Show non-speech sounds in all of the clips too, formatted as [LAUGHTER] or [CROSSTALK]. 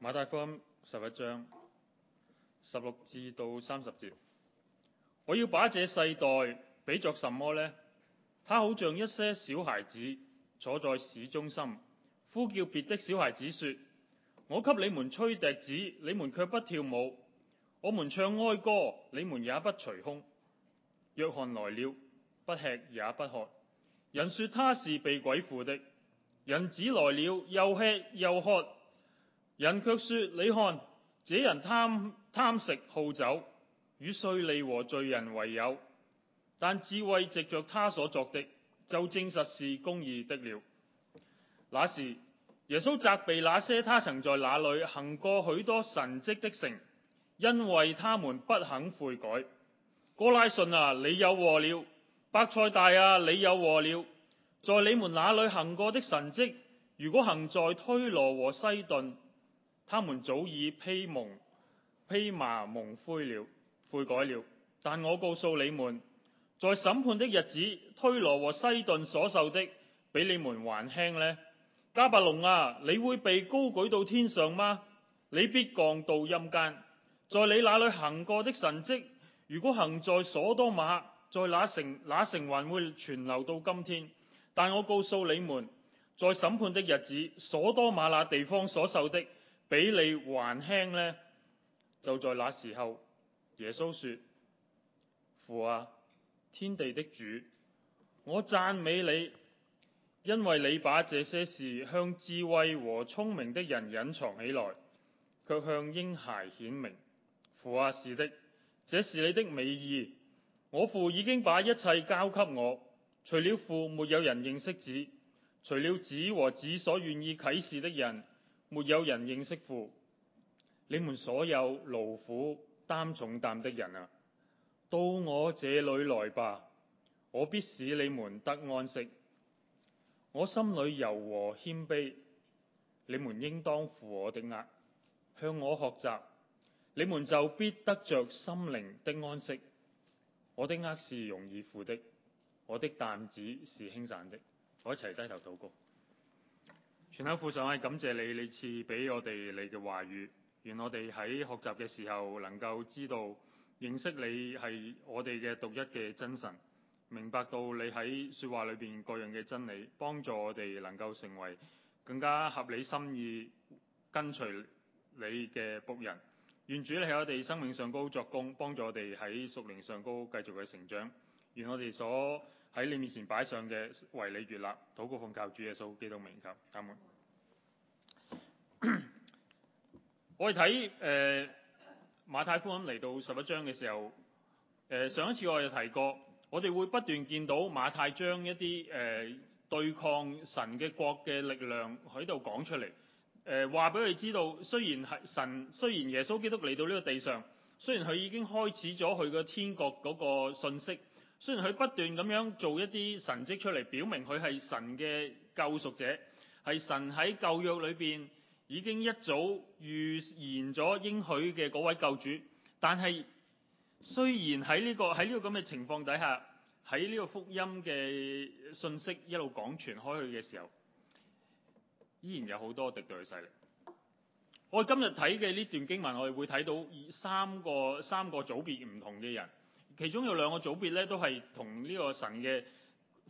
馬太福音十一章十六至到三十節，我要把這世代比作什麼呢？他好像一些小孩子坐在市中心，呼叫別的小孩子說：我給你們吹笛子，你們卻不跳舞；我們唱哀歌，你們也不捶胸。約翰來了，不吃也不喝，人說他是被鬼附的；人子來了，又吃又喝。人卻說：你看這人貪貪食好酒，與稅吏和罪人為友，但智慧藉着他所作的，就證實是公義的了。那時，耶穌責備那些他曾在那裡行過許多神蹟的城，因為他們不肯悔改。哥拉遜啊，你有禍了！白菜大啊，你有禍了！在你們那裡行過的神蹟，如果行在推羅和西頓，他們早已披蒙披麻蒙灰了，悔改了。但我告訴你們，在審判的日子，推羅和西頓所受的，比你們還輕呢。迦百農啊，你會被高舉到天上嗎？你必降到陰間。在你那裏行過的神蹟，如果行在所多瑪，在那城，那城還會存留到今天。但我告訴你們，在審判的日子，所多瑪那地方所受的，比你還輕呢。就在那時候，耶穌說：父啊，天地的主，我讚美你，因為你把這些事向智慧和聰明的人隱藏起來，卻向嬰孩顯明。父啊，是的，這是你的美意。我父已經把一切交給我，除了父沒有人認識子，除了子和子所願意啟示的人。沒有人認識父。你們所有勞苦擔重擔的人啊，到我這裏來吧，我必使你們得安息。我心裏柔和謙卑，你們應當負我的軛，向我學習，你們就必得着心靈的安息。我的軛是容易負的，我的擔子是輕省的。我一齊低頭禱告。全心附上，係感謝你，你賜俾我哋你嘅話語，願我哋喺學習嘅時候能夠知道認識你係我哋嘅獨一嘅真神，明白到你喺説話裏邊各樣嘅真理，幫助我哋能夠成為更加合你心意、跟隨你嘅僕人。願主你喺我哋生命上高作工，幫助我哋喺屬靈上高繼續嘅成長。願我哋所喺你面前擺上嘅為你悅納，禱告奉靠主耶穌基督名求。阿門。 [COUGHS] 我哋睇誒馬太福音嚟到十一章嘅時候，呃，上一次我哋有提過，我哋會不斷見到馬太將一啲誒、呃、對抗神嘅國嘅力量喺度講出嚟，誒話俾佢知道，雖然係神，雖然耶穌基督嚟到呢個地上，雖然佢已經開始咗佢嘅天國嗰個信息。雖然佢不斷咁樣做一啲神蹟出嚟，表明佢係神嘅救贖者，係神喺舊約裏邊已經一早預言咗應許嘅嗰位救主。但係雖然喺呢個喺呢個咁嘅情況底下，喺呢個福音嘅信息一路講傳開去嘅時候，依然有好多敵對勢力。我今日睇嘅呢段經文，我哋會睇到三個三個組別唔同嘅人。其中有兩個組別咧，都係同呢個神嘅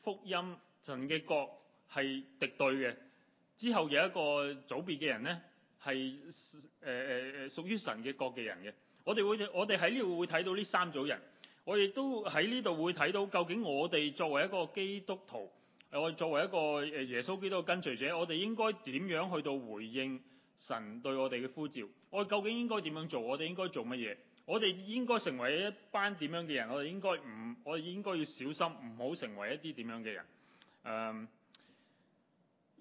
福音、神嘅國係敵對嘅。之後有一個組別嘅人咧，係誒誒誒屬於神嘅國嘅人嘅。我哋會，我哋喺呢度會睇到呢三組人。我亦都喺呢度會睇到，究竟我哋作為一個基督徒，誒我哋作為一個誒耶穌基督嘅跟隨者，我哋應該點樣去到回應神對我哋嘅呼召？我哋究竟應該點樣做？我哋應該做乜嘢？我哋應該成為一班點樣嘅人？我哋應該唔，我哋應該要小心，唔好成為一啲點樣嘅人。誒、嗯，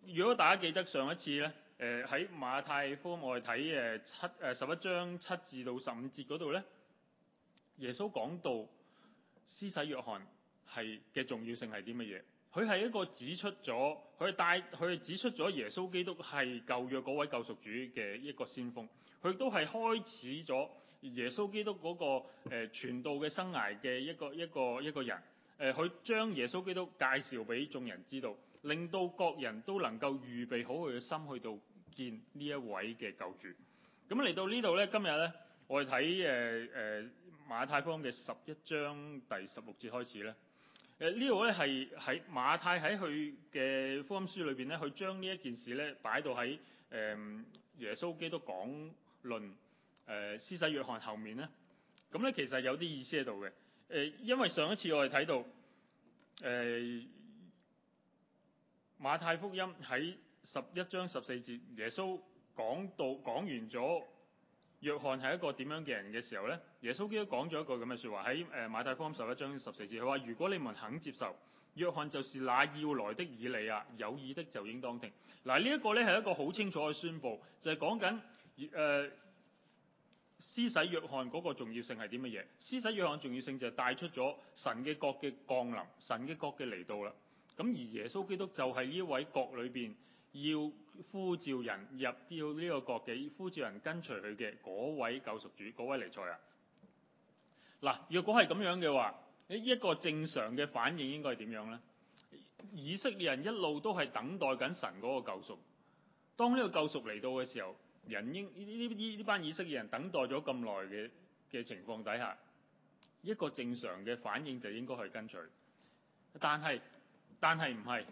如果大家記得上一次咧，誒、呃、喺馬太福音我哋睇誒七誒十一章七至到十五節嗰度咧，耶穌講到施洗約翰係嘅重要性係啲乜嘢？佢係一個指出咗，佢帶佢係指出咗耶穌基督係舊約嗰位救贖主嘅一個先鋒，佢都係開始咗。耶穌基督嗰、那個誒傳、呃、道嘅生涯嘅一個一個一個人，誒佢將耶穌基督介紹俾眾人知道，令到各人都能夠預備好佢嘅心去到見呢一位嘅救主。咁、嗯、嚟到呢度呢，今日呢，我哋睇誒誒馬太福音嘅十一章第十六節開始呢，誒、呃、呢度呢係喺馬太喺佢嘅福音書裏邊呢，佢將呢一件事呢擺到喺、呃、耶穌基督講論。誒施洗約翰後面咧，咁、嗯、咧其實有啲意思喺度嘅。誒、呃，因為上一次我哋睇到誒、呃、馬太福音喺十一章十四節，耶穌講到講完咗約翰係一個點樣嘅人嘅時候咧，耶穌基督講咗一句咁嘅説話喺誒、呃、馬太福音十一章十四節，佢話：如果你們肯接受約翰，就是那要來的以利啊，有耳的就應當聽。嗱、呃，呢一個咧係一個好清楚嘅宣佈，就係、是、講緊誒。呃呃施洗約翰嗰個重要性係點乜嘢？施洗約翰重要性就係帶出咗神嘅國嘅降臨，神嘅國嘅嚟到啦。咁而耶穌基督就係呢位國裏邊要呼召人入到呢個國嘅，呼召人跟隨佢嘅嗰位救贖主，嗰位彌賽亞。嗱，若果係咁樣嘅話，你一個正常嘅反應應該係點樣呢？以色列人一路都係等待緊神嗰個救贖，當呢個救贖嚟到嘅時候。人應呢呢呢班以色列人等待咗咁耐嘅、嘅情況底下，一個正常嘅反應就應該去跟隨。但係但係，唔係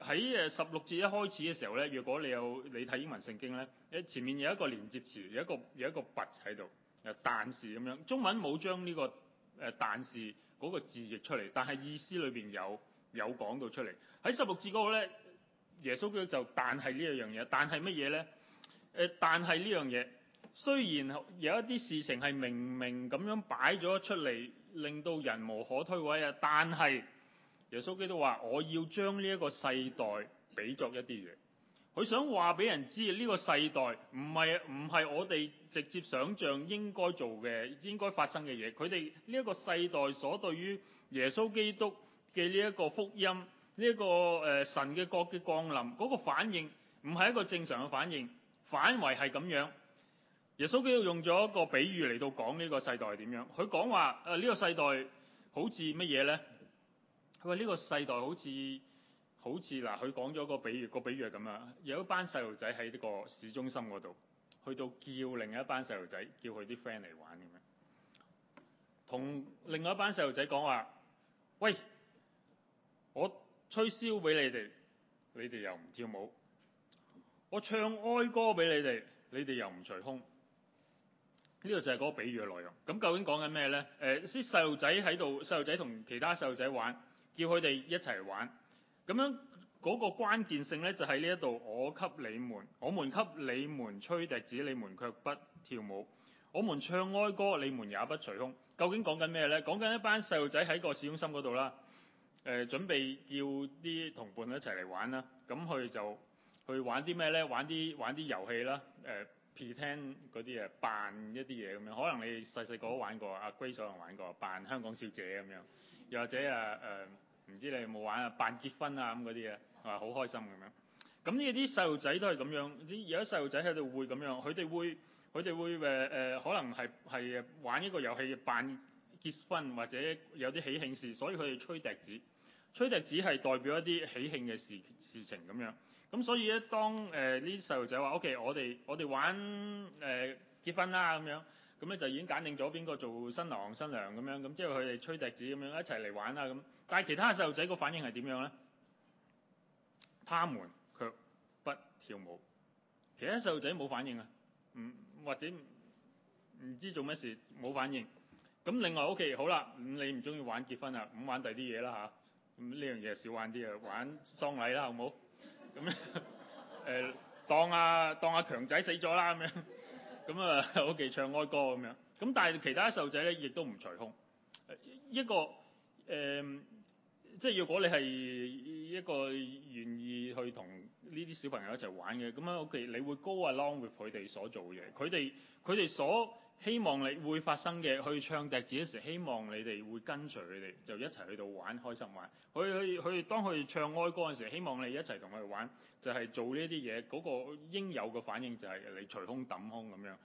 喺誒十六節一開始嘅時候呢，如果你有你睇英文聖經呢，誒前面有一個連接詞，有一個有一個拔喺度誒，但是。咁樣中文冇將呢個誒但是嗰個字譯出嚟，但係意思裏邊有有講到出嚟喺十六節嗰個呢，耶穌基督就但係呢一樣嘢，但係乜嘢呢？」但係呢樣嘢，雖然有一啲事情係明明咁樣擺咗出嚟，令到人無可推諉啊。但係耶穌基督話：我要將呢一個世代比作一啲嘢，佢想話俾人知呢個世代唔係唔係我哋直接想像應該做嘅、應該發生嘅嘢。佢哋呢一個世代所對於耶穌基督嘅呢一個福音、呢一個誒神嘅國嘅降臨嗰個反應，唔係一個正常嘅反應。反為係咁樣，耶穌基督用咗一個比喻嚟到講呢個世代點樣。佢講話誒呢個世代好似乜嘢呢？佢話呢個世代好似好似嗱，佢、啊、講咗個比喻、個比喻咁樣，有一班細路仔喺呢個市中心嗰度，去到叫另一班細路仔叫佢啲 friend 嚟玩咁樣，同另外一班細路仔講話：喂，我吹簫俾你哋，你哋又唔跳舞。我唱哀歌俾你哋，你哋又唔捶胸。呢個就係嗰個比喻嘅內容。咁究竟講緊咩呢？誒、呃，啲細路仔喺度，細路仔同其他細路仔玩，叫佢哋一齊玩。咁樣嗰個關鍵性呢，就喺呢一度。我給你們，我們給你們吹笛子，你們卻不跳舞。我們唱哀歌，你們也不捶胸。究竟講緊咩呢？講緊一班細路仔喺個市中心嗰度啦。誒、呃，準備叫啲同伴一齊嚟玩啦。咁佢就。去玩啲咩呢？玩啲玩啲遊戲啦，誒、呃、pretend 嗰啲啊，扮一啲嘢咁樣。可能你細細個玩過阿龜小朋友玩過，扮、啊、香港小姐咁樣，又或者啊誒，唔、呃、知你有冇玩啊？扮結婚啊咁嗰啲啊，話好開心咁樣。咁呢啲細路仔都係咁樣，啲有啲細路仔喺度會咁樣，佢哋會佢哋會誒誒、呃，可能係係玩一個遊戲，扮結婚或者有啲喜慶事，所以佢哋吹笛子，吹笛子係代表一啲喜慶嘅事事情咁樣。咁所以咧，當誒呢啲細路仔話 OK，我哋我哋玩誒、呃、結婚啦，咁樣咁咧，就已經揀定咗邊個做新郎新娘咁樣，咁即係佢哋吹笛子咁樣，一齊嚟玩啦咁。但係其他細路仔個反應係點樣咧？他們卻不跳舞，其他細路仔冇反應啊，唔、嗯、或者唔知做乜事冇反應。咁另外 OK，好啦，你唔中意玩結婚啊，唔玩第啲嘢啦吓，咁、啊、呢樣嘢少玩啲啊，玩喪禮啦，好冇？咁樣誒，當阿當阿強仔死咗啦咁樣，咁 [LAUGHS] 啊、嗯，我、okay, 哋唱哀歌咁樣。咁、嗯、但係其他細路仔咧，亦都唔捶胸。一個誒、嗯，即係如果你係一個願意去同呢啲小朋友一齊玩嘅，咁、嗯、啊，我、okay, 哋你會 go along with 佢哋所做嘅嘢。佢哋佢哋所。希望你會發生嘅，去唱笛子嘅時，希望你哋會跟隨佢哋，就一齊去到玩，開心玩。佢佢佢，當佢哋唱哀歌嗰陣時候，希望你一齊同佢哋玩，就係、是、做呢啲嘢。嗰、那個應有嘅反應就係你捶胸揼胸咁樣。呢、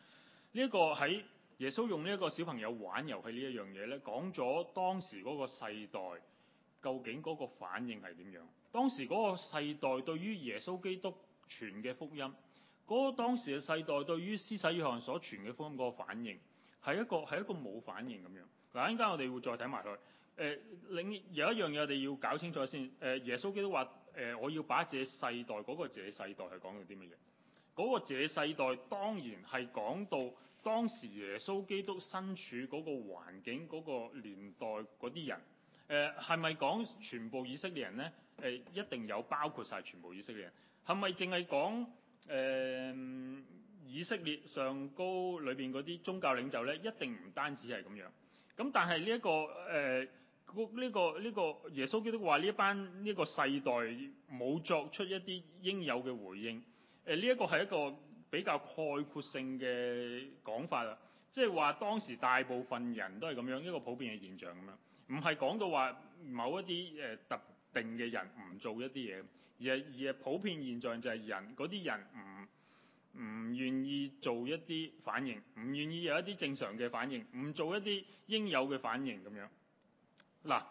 這、一個喺耶穌用呢一個小朋友玩遊戲呢一樣嘢咧，講咗當時嗰個世代究竟嗰個反應係點樣？當時嗰個世代對於耶穌基督傳嘅福音。嗰個當時嘅世代對於施洗約翰所傳嘅福音嗰個反應係一個係一個冇反應咁樣。嗱，陣間我哋會再睇埋佢，誒。另有一樣嘢我哋要搞清楚先誒、呃。耶穌基督話誒、呃，我要把這世代嗰、那個這世代係講到啲乜嘢？嗰、那個這世代當然係講到當時耶穌基督身處嗰個環境嗰、那個年代嗰啲人誒，係咪講全部以色列人呢？誒、呃，一定有包括晒全部以色列人係咪？淨係講？誒、嗯、以色列上高裏邊嗰啲宗教領袖呢，一定唔單止係咁樣。咁但係呢一個誒，呢、呃呢個呢、呢個耶穌基督話呢班呢、呢個世代冇作出一啲應有嘅回應。呢、呃、一、呢個係一個比較概括性嘅講法啦，即係話當時大部分人都係咁樣一個普遍嘅現象咁樣，唔係講到話某一啲誒、呃、特定嘅人唔做一啲嘢。而，而普遍現象就係人嗰啲人唔唔願意做一啲反應，唔願意有一啲正常嘅反應，唔做一啲應有嘅反應咁樣。嗱，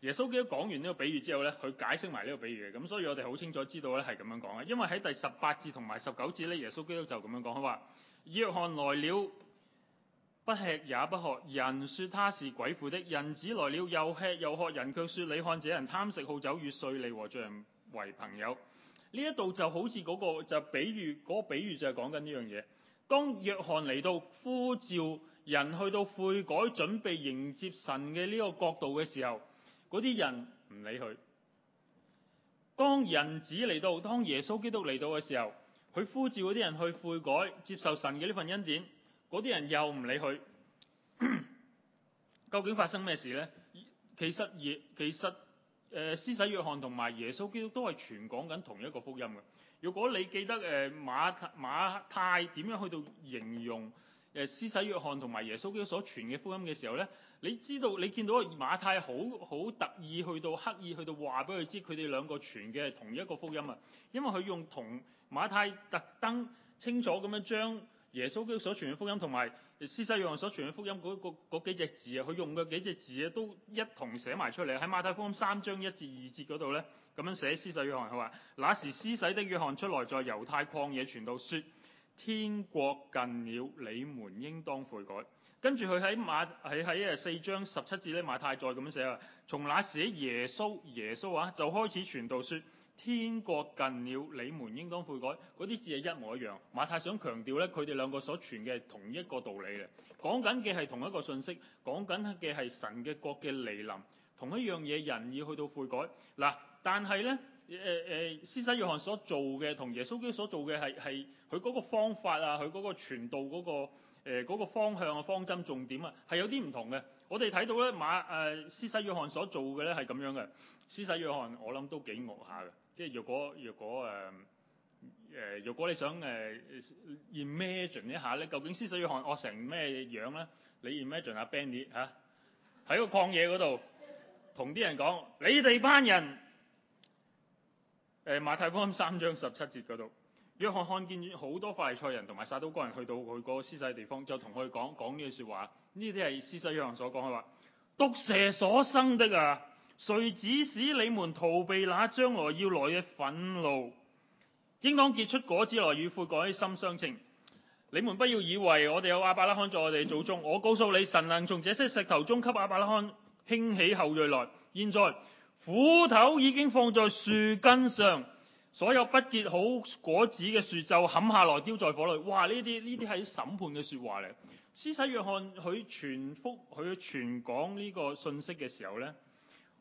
耶穌基督講完呢個比喻之後呢，佢解釋埋呢個比喻嘅，咁所以我哋好清楚知道呢係咁樣講嘅，因為喺第十八節同埋十九節呢，耶穌基督就咁樣講，佢話：約翰來了，不吃也不喝，人說他是鬼附的；人子來了，又吃又喝，人卻說你：你看這人貪食好酒，與稅吏和罪人，為朋友，呢一度就好似嗰個就比喻，嗰個比喻就係講緊呢樣嘢。當約翰嚟到呼召人去到悔改，準備迎接神嘅呢個國度嘅時候，嗰啲人唔理佢。當人子嚟到，當耶穌基督嚟到嘅時候，佢呼召嗰啲人去悔改，接受神嘅呢份恩典，嗰啲人又唔理佢。 [COUGHS] 究竟發生咩事呢？其實，亦其實。誒、呃，施洗約翰同埋耶穌基督都係傳講緊同一個福音嘅。如果你記得誒、呃、馬太馬太點樣去到形容誒、呃、施洗約翰同埋耶穌基督所傳嘅福音嘅時候咧，你知道你見到馬太好好特意去到刻意去到話俾佢知，佢哋兩個傳嘅係同一個福音啊，因為佢用同馬太特登清楚咁樣將耶穌基督所傳嘅福音同埋。施洗約翰所傳嘅福音嗰嗰幾隻字啊，佢用嘅幾隻字啊，都一同寫埋出嚟喺馬太福音三章一至二節嗰度咧，咁樣寫施洗約翰，佢話：那時施洗的約翰出來，在猶太曠野傳道，説：天國近了，你們應當悔改。跟住佢喺馬喺喺啊四章十七節咧馬太再咁樣寫啊。從那時耶穌耶穌啊就開始傳道説。天國近了，你們應當悔改。嗰啲字係一模一樣。馬太想強調咧，佢哋兩個所傳嘅係同一個道理嘅，講緊嘅係同一個信息，講緊嘅係神嘅國嘅嚟臨，同一樣嘢人要去到悔改嗱。但係咧，誒、呃、誒，施、呃、洗約翰所做嘅同耶穌基督所做嘅係係佢嗰個方法啊，佢嗰個傳道嗰、嗰個誒、呃、方向啊、方針重點啊，係有啲唔同嘅。我哋睇到咧馬誒施洗約翰所做嘅咧係咁樣嘅，施洗約翰我諗都幾惡下嘅。即係若果若果誒誒、呃，若果你想誒、呃、imagine 一下咧，究竟施洗約翰惡成咩樣咧？你 imagine 阿 Benny 嚇喺個曠野嗰度同啲人講：你哋班人誒、呃、馬太福音三章十七節嗰度，約翰看見好多法利賽人同埋撒都該人去到佢嗰個施洗地方，就同佢講講呢句説話。呢啲係施洗約翰所講嘅話毒蛇所生的啊！誰指使你們逃避那將來要來嘅憤怒？應當結出果子來與，與悔改心相稱。你們不要以為我哋有阿伯拉罕在我哋祖宗。我告訴你，神能從這些石頭中給阿伯拉罕興，興起後裔來。現在斧頭已經放在樹根上，所有不結好果子嘅樹就砍下來丟在火裏。哇！呢啲呢啲係審判嘅說話嚟。施洗約翰佢傳福，佢傳講呢個信息嘅時候呢。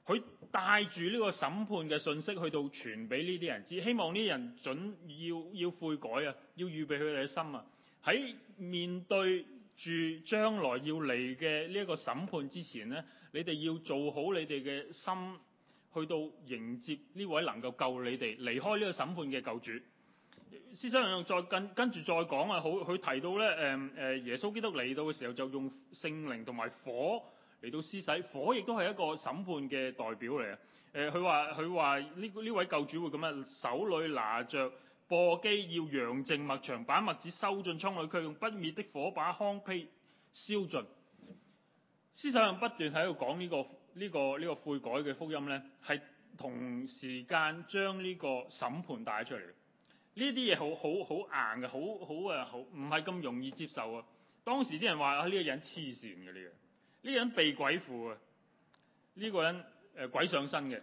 佢帶住呢個審判嘅信息去到傳俾呢啲人，只希望呢啲人準要要悔改啊，要預備佢哋嘅心啊。喺面對住將來要嚟嘅呢一個審判之前咧，你哋要做好你哋嘅心，去到迎接呢位能夠救你哋離開呢個審判嘅救主。施生長再跟跟住再講啊，好，佢提到咧誒誒耶穌基督嚟到嘅時候就用聖靈同埋火。嚟到施洗，火亦都係一個審判嘅代表嚟啊！誒、呃，佢話佢話呢呢位救主會咁樣，手裏拿着簸箕，要揚淨麥場，把麥子收進倉裏，佢用不滅的火把糠秕燒盡。施洗又不斷喺度講呢個呢、呢個呢、呢個呢個悔改嘅福音咧，係同時間將呢個審判帶出嚟嘅。呢啲嘢好好好硬嘅，好好好唔係咁容易接受啊！當時啲人話呢、啊呢個人黐線嘅呢嘢。呢個呢個人被鬼附啊！呢、這個人誒、呃、鬼上身嘅，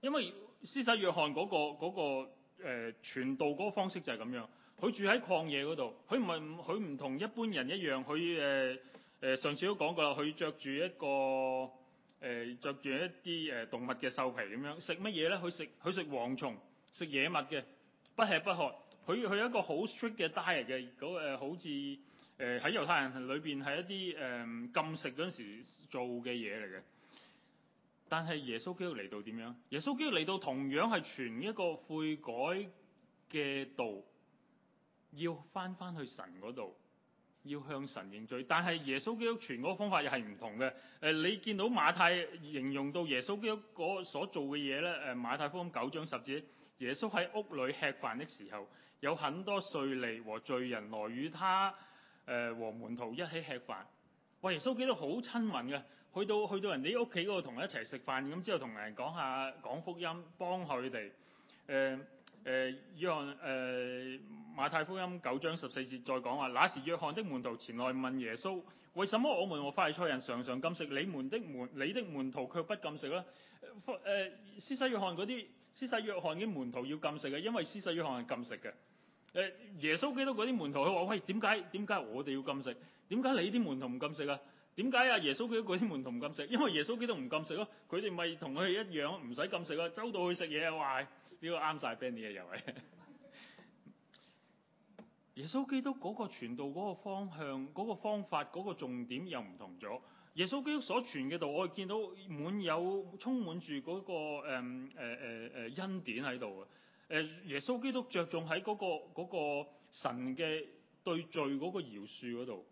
因為施洗約翰嗰個嗰、那個傳、呃、道嗰個方式就係咁樣。佢住喺曠野嗰度，佢唔係佢唔同一般人一樣，佢誒誒上次都講過啦，佢着住一個誒著住一啲誒、呃、動物嘅獸皮咁樣，食乜嘢咧？佢食佢食蝗蟲，食野蜜嘅，不吃不喝，佢佢有一個好 strict 嘅 diet 嘅嗰誒，好似。誒喺、呃、猶太人裏邊係一啲誒、嗯、禁食嗰陣時做嘅嘢嚟嘅，但係耶穌基督嚟到點樣？耶穌基督嚟到同樣係傳一個悔改嘅道，要返返去神嗰度，要向神認罪。但係耶穌基督傳嗰個方法又係唔同嘅。誒、呃，你見到馬太形容到耶穌基督嗰所做嘅嘢咧？誒，馬太福音九章十字：「耶穌喺屋裏吃飯的時候，有很多稅吏和罪人來與他。誒、呃、和門徒一起吃飯，喂，耶穌基督好親民嘅，去到去到人哋屋企嗰度同人一齊食飯，咁之後同人講下講福音，幫佢哋。誒、呃、誒、呃、約翰誒、呃、馬太福音九章十四節再講話，那時約翰的門徒前來問耶穌，為什麼我們和法利賽人常常禁食，你們的門你的門徒卻不禁食咧？誒施洗約翰嗰啲施洗約翰嘅門徒要禁食嘅，因為施洗約翰係禁食嘅。耶穌基督嗰啲門徒佢話：喂，點解點解我哋要禁食？點解你啲門徒唔禁食啊？點解啊？耶穌基督嗰啲門徒唔禁食，因為耶穌基督唔禁食咯，佢哋咪同佢哋一樣，唔使禁食啊，周到去食嘢啊喂，呢、這個啱晒 Benny 啊，又 [LAUGHS] 係耶穌基督嗰個傳道嗰、那個方向、嗰、那個方法、嗰、那個重點又唔同咗。耶穌基督所傳嘅道，我哋見到滿有充滿住嗰、那個誒誒誒恩典喺度啊！耶穌基督着重喺嗰個嗰個神嘅對罪嗰個饒恕嗰度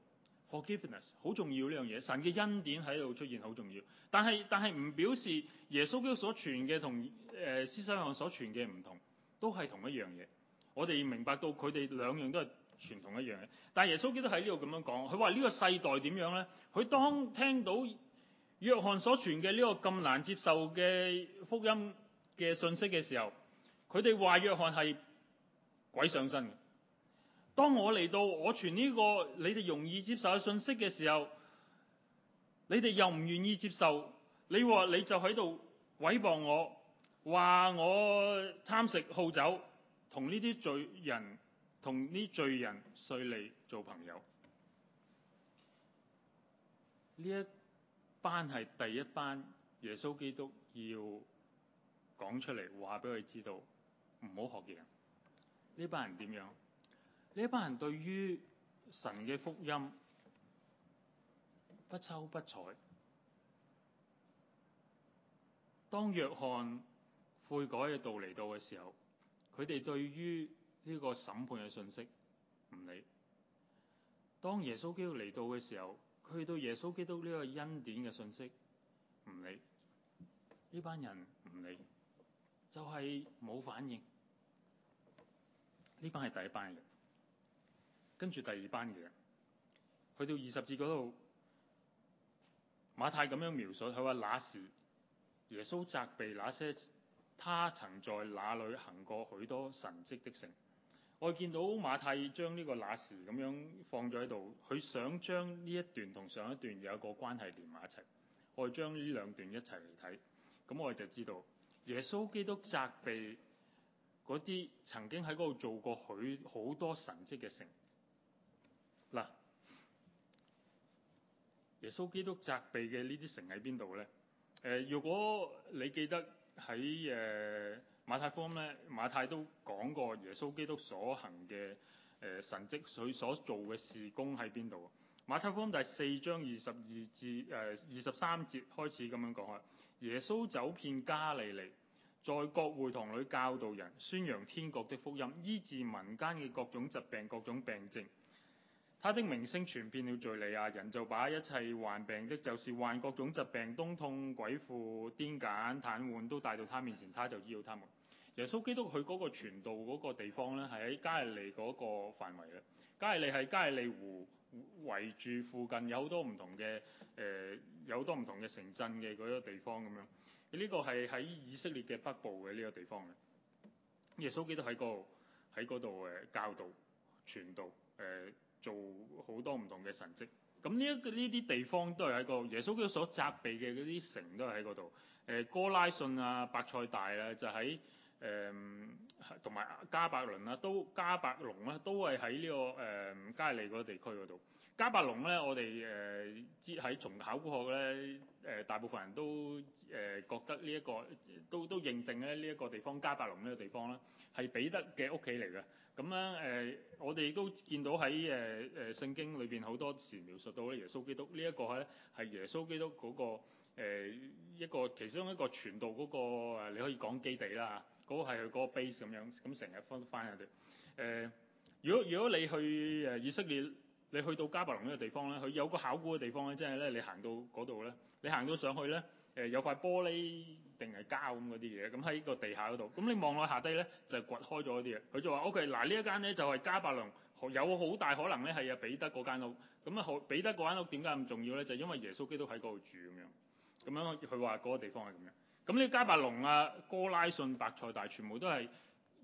，forgiveness 好重要呢樣嘢，神嘅恩典喺度出現好重要。但係但係唔表示耶穌基督所傳嘅同誒施洗約翰所傳嘅唔同，都係同一樣嘢。我哋明白到佢哋兩樣都係傳同一樣嘅。但係耶穌基督喺呢度咁樣講，佢話呢個世代點樣呢？佢當聽到約翰所傳嘅呢個咁難接受嘅福音嘅信息嘅時候。佢哋話約翰係鬼上身嘅。當我嚟到，我傳呢個你哋容易接受嘅信息嘅時候，你哋又唔願意接受，你話你就喺度毀謗我，話我貪食好酒，同呢啲罪人、同呢罪人稅吏做朋友。呢一班係第一班耶穌基督要講出嚟話俾佢知道。唔好學嘅人，呢班人點樣？呢班人對於神嘅福音不瞅不睬。當約翰悔改嘅道嚟到嘅時候，佢哋對於呢個審判嘅信息唔理。當耶穌基督嚟到嘅時候，佢對耶穌基督呢個恩典嘅信息唔理，呢班人唔理。就係冇反應。呢班係第一班嘅，跟住第二班嘅，去到二十節嗰度，馬太咁樣描述，佢話那時耶穌責備那些他曾在那裏行過許多神蹟的城。我見到馬太將呢個那時咁樣放咗喺度，佢想將呢一段同上一段有一個關係連埋一齊。我將呢兩段一齊嚟睇，咁我哋就知道。耶穌基督責備嗰啲曾經喺嗰度做過許好多神蹟嘅城。嗱，耶穌基督責備嘅呢啲城喺邊度咧？誒、呃，如果你記得喺誒、呃、馬太福音咧，馬太都講過耶穌基督所行嘅誒、呃、神蹟，佢所做嘅事工喺邊度？馬太福音第四章二十二至誒二十三節開始咁樣講啊。耶穌走遍加利利，在各會堂裏教導人，宣揚天國的福音，醫治民間嘅各種疾病、各種病症。他的名聲傳遍了敘利亞，人就把一切患病的，就是患各種疾病、疼痛、鬼附、癲癇、癱瘓都帶到他面前，他就醫好他們。耶穌基督去嗰個傳道嗰個地方咧，係喺加利利嗰個範圍。加利利係加利利湖。圍住附近有好多唔同嘅誒，有好多唔同嘅、呃、城鎮嘅嗰啲地方咁樣。呢、這個係喺以色列嘅北部嘅呢個地方嘅。耶穌基督喺度，喺嗰度誒教導、傳道誒、呃，做好多唔同嘅神跡。咁呢一呢啲地方都係喺個耶穌基督所責備嘅嗰啲城都係喺嗰度誒，哥拉汛啊、伯賽大啊，就喺。誒同埋加百隆啦，都加百隆啦，都係喺呢個誒、嗯、加利利嗰個地區嗰度。加百隆咧，我哋誒、呃、知喺從考古學咧，誒、呃、大部分人都誒、呃、覺得呢、這、一個都都認定咧呢一個地方加百隆呢個地方啦，係彼得嘅屋企嚟嘅。咁樣誒，我哋都見到喺誒誒聖經裏邊好多時描述到咧，耶穌基督呢一、這個咧係耶穌基督嗰、那個、呃、一個其中一個傳道嗰、那個你可以講基地啦。嗰個係佢嗰個 base 咁樣，咁成日翻翻佢哋。誒、呃，如果如果你去誒以色列，你去到迦百農呢個地方咧，佢有個考古嘅地方咧，即係咧你行到嗰度咧，你行到上去咧，誒、呃、有塊玻璃定係膠咁嗰啲嘢，咁喺個地下嗰度，咁你望落下低咧就係、是、掘開咗啲嘢。佢就話：O K，嗱呢一間咧就係迦百農，有好大可能咧係阿彼得嗰間屋。咁啊，彼得嗰間屋點解咁重要咧？就是、因為耶穌基督喺嗰度住咁樣。咁樣佢話嗰個地方係咁樣。咁呢？迦百農啊，哥拉汛、伯賽大，全部都係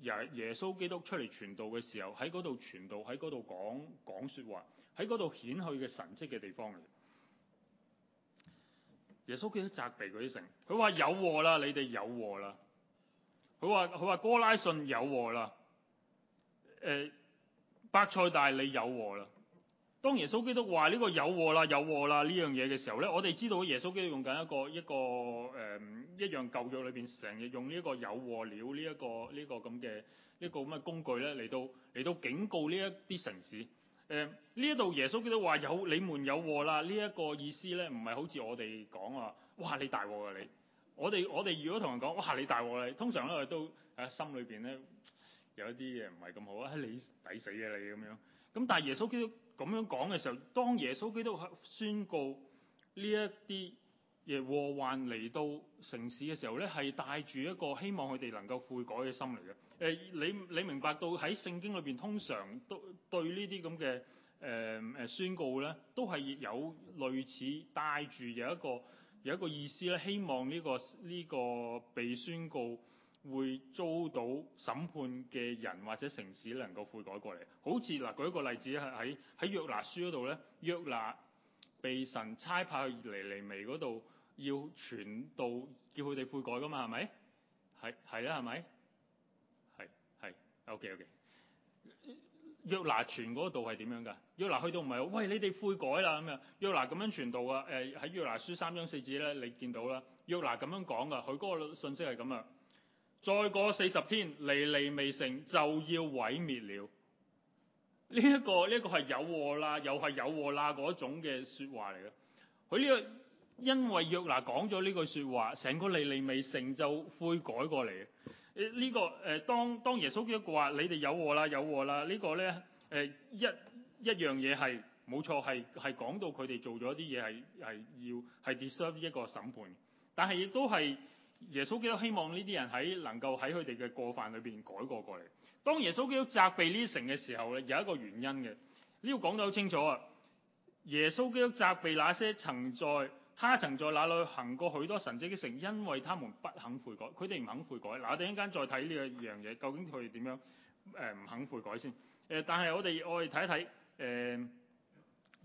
耶耶穌基督出嚟傳道嘅時候，喺嗰度傳道，喺嗰度講講説話，喺嗰度顯去嘅神跡嘅地方嚟。耶穌基督責備嗰啲城，佢話有禍啦，你哋有禍啦。佢話佢話哥拉汛有禍啦，誒、呃，伯賽大你有禍啦。當耶穌基督話呢、呢個有禍啦，有禍啦呢樣嘢嘅時候呢，我哋知道耶穌基督用緊一個一個誒、呃、一樣舊約裏邊成日用呢一個有禍料呢一、呢個呢、呢個咁嘅一個咁嘅工具咧嚟到嚟到警告呢一啲城市呢一度耶穌基督話有你們有禍啦呢一個意思呢，唔係好似我哋講啊，哇你大禍㗎你！我哋我哋如果同人講哇你大禍啦你！」通常咧都喺心裏邊呢，有一啲嘢唔係咁好、哎、啊，你抵死嘅你咁樣咁，但係耶穌基督。咁樣講嘅時候，當耶穌基督宣告呢一啲嘢禍患嚟到城市嘅時候呢，係帶住一個希望佢哋能夠悔改嘅心嚟嘅。誒、呃，你你明白到喺聖經裏邊通常都對對呢啲咁嘅誒宣告呢，都係有類似帶住有一個有一個意思咧，希望呢、這個呢、這個被宣告。會遭到審判嘅人或者城市能夠悔改過嚟，好似嗱舉一個例子喺喺喺約拿書嗰度咧，約拿被神差派去尼尼微嗰度，要傳道叫佢哋悔改噶嘛？係咪係係啦？係咪係係？OK OK。約拿傳嗰個道係點樣㗎？約拿去到唔係喂你哋悔改啦咁啊？約拿咁樣傳道啊？誒喺約拿書三章四節咧，你見到啦？約拿咁樣講噶，佢嗰個信息係咁啊。再過四十天，尼尼微城，就要毀滅了。呢、這、一個呢一、這個係有禍啦，又係有禍啦嗰種嘅說話嚟嘅。佢呢、這個因為約拿講咗呢句說話，成個尼尼微城就悔改過嚟嘅。呢、這個誒、呃，當當耶穌呢一個話你哋有禍啦，有禍啦，呢、這個呢誒、呃、一一樣嘢係冇錯，係係講到佢哋做咗啲嘢係係要係 deserve 一個審判，但係亦都係。耶穌基督希望呢啲人喺能夠喺佢哋嘅過犯裏邊改過過嚟。當耶穌基督責備呢啲城嘅時候咧，有一個原因嘅。呢度講得好清楚啊！耶穌基督責備那些曾在他曾在那裏行過許多神蹟嘅城，因為他們不肯悔改。佢哋唔肯悔改。嗱，我哋一陣間再睇呢個樣嘢，究竟佢哋點樣誒唔、呃、肯悔改先？誒、呃，但係我哋我哋睇一睇誒、呃，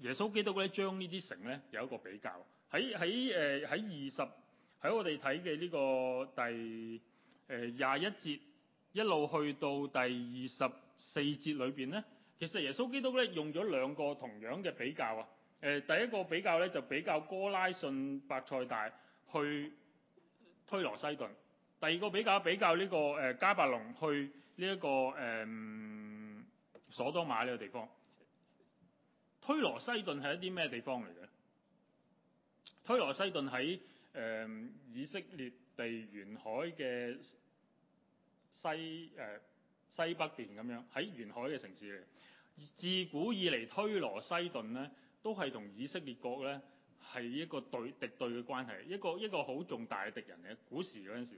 耶穌基督咧將呢啲城咧有一個比較。喺喺誒喺二十。喺我哋睇嘅呢個第誒廿一節一路去到第二十四節裏邊咧，其實耶穌基督咧用咗兩個同樣嘅比較啊。誒、呃，第一個比較咧就比較哥拉汛伯賽大去推羅西頓，第二個比較比較呢、這個誒、呃、迦百農去呢、這、一個誒所、呃、多瑪呢個地方。推羅西頓係一啲咩地方嚟嘅？推羅西頓喺誒、嗯、以色列地沿海嘅西誒、呃、西北邊咁樣，喺沿海嘅城市嚟。自古以嚟推羅西頓呢都係同以色列國呢係一個對敵對嘅關係，一個一個好重大嘅敵人嘅古時嗰陣時。